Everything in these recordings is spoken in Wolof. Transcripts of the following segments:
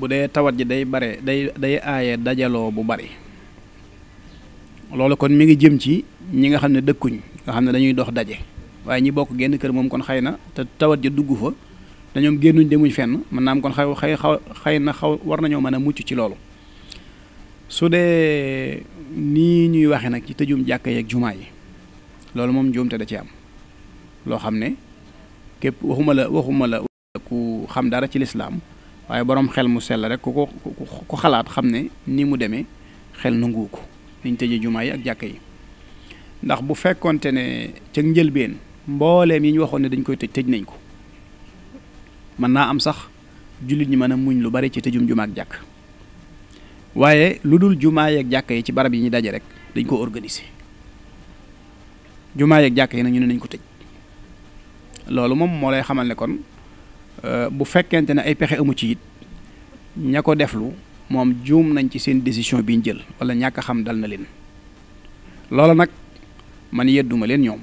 bu dee tawat ji day bare day day aaye dajaloo bu bari loolu kon mi ngi jëm ci ñi nga xam ne dëkkuñ nga xam ne dañuy dox daje waaye ñi bokk génn kër moom kon xëy na te tawat ji dugg fa te ñoom génnuñ demuñ fenn mën naa am kon xaw xëy xaw xëy na xaw war nañoo mën a mucc ci loolu su dee ni ñuy waxe nag ci tëjum jàkka yeeg jumaa yi loolu moom njuumte da ci am loo xam ne képp waxuma la waxuma la ku xam dara ci lislaam waaye boroom xel mu sell rek ku ko ku xalaat xam ne ni mu demee xel nanguwu ko niñ tëjee jumaa yi ak jàkk yi ndax bu fekkonte ne ca njëlbeen mbooleem yi ñu waxoon ne dañ koy tëj tëj nañ ko mën naa am sax jullit ñi mën a muñ lu bari ci tëjum jumaa ak jàkk waaye lu dul jumaa yeeg jàkka yi ci barab yi ñu daje rek dañ ko organiser jumaa yeeg jàkk yi nag ñu ne nañ ko tëj loolu moom moo lay xamal ne kon euh, bu fekkente ne ay pexe amu ci ña ko deflu moom juum nañ ci seen décision bi ñu jël wala ñàkk a xam dal na leen loola nag man yedduma leen ñoom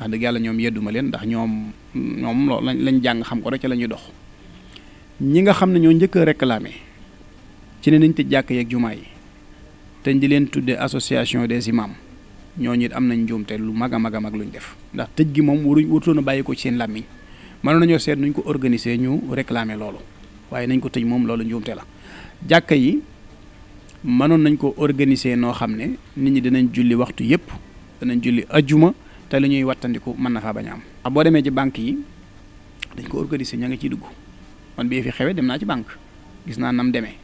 wax dëgg yàlla ñoom yedduma leen ndax ñoom ñoom lañ jàng xam ko rek ci la ñuy dox ñi nga xam ne ñoo njëkk a ci ne nañ tëj jàkk yeeg jumaa yi te di leen tuddee association des imams ñooñu it am nañ njuumte lu mag a mag a mag luñ def ndax tëj gi moom waruñ warutoon a bàyyi ko ci seen làmmiñ mënoon nañoo seet nuñ ko organiser ñu réclamer loolu. waaye nañ ko tëj moom loolu njuumte la jàkka yi mënoon nañ ko organiser noo xam ne nit ñi dinañ julli waxtu yëpp danañ julli ajjuma te lañuy ñuy wattandiku mën na faa bañ am. boo demee ci banque yi dañ ko organiser ña ngi ciy dugg man bii fi xewee dem naa ci banque gis naa nam demee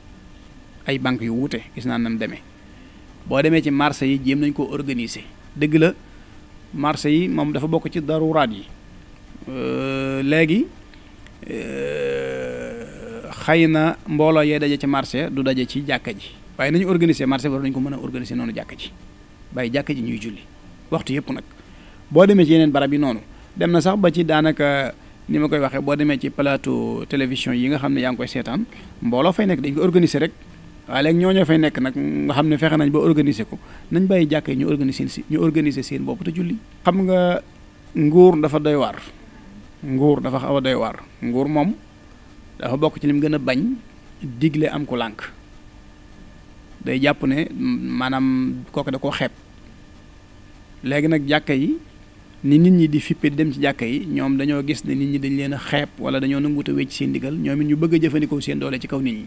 ay banque yu wuute gis naa nam deme boo demee ci marché yi jéem nañ ko organiser dëgg la marché yi moom dafa bokk ci daruraat yi euh, léegi. Euh, xëy na mbooloo yee daje ci marché du daje ci jàkka ji waaye nañu organiser marché war nañ ko mën a organiser noonu jàkka ji bàyyi jàkka ji ñuy julli waxtu yëpp nag boo demee ci yeneen barab yi noonu dem na sax ba ci daanaka ni ma koy waxee boo demee ci palaatu télévision yi nga xam ne yaa ngi koy seetaan mbooloo fay nekk dañ ko organiser rek waaye léegi ñoo ñoo fay nekk nag nga xam ne fexe nañ ba organiser ko nañ bàyyi jàkka yi ñu organiser si ñu organiser seen bopp te julli. xam nga nguur dafa doy nguur dafa doy waar nguur moom. dafa bokk ci lim gën a bañ digle am ku lànk day jàpp ne maanaam kooku da koo xeeb léegi nag jàkka yi ni nit ñi di fippe di dem ci jàkka yi ñoom dañoo gis ne nit ñi dañ leen a xeeb wala dañoo nanguut a wecc seen digal ñoom it ñu bëgg a jëfandikoo seen doole ci kaw nit ñi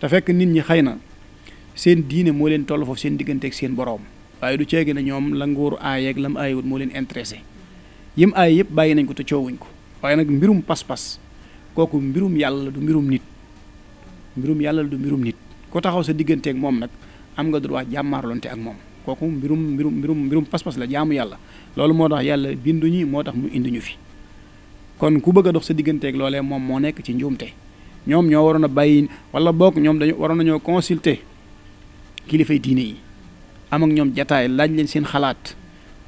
te fekk nit ñi xay na seen diine moo leen toll foofu seen diggante ak seen boroom waaye du ceegi na ñoom la nguur aayeeg lam aayewut moo leen intéressé yim aaye yëpp bàyyi nañ ko te coowuñ ko waaye nag mbirum kooku mbirum yàlla la du mbirum nit mbirum yàlla la du mbirum nit ku taxaw sa digganteek moom nag am nga droit jàmmaarlonte ak moom kooku mbirum mbirum mbirum mbirum pas-pas la jaamu yàlla loolu moo tax yàlla bindu ñi moo tax mu indi ñu fi kon ku bëgg a dox sa digganteeg loolee moom moo nekk ci njuumte ñoom ñoo waroon a bàyyi wala boog ñoom dañu waroon nañoo consulter kilifa diine yi am ak ñoom jataay laaj leen seen xalaat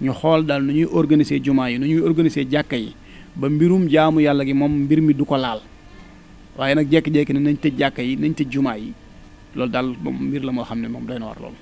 ñu xool daal nu ñuy organiser jumaa yi nu ñuy organiser jàkka yi ba mbirum jaamu yàlla gi moom mbir mi du ko laal waaye nag jekki-jekki nañ tëj jàkka yi nañ tëj jumaa yi loolu daal moom mbir la moo xam ne moom day na war loolu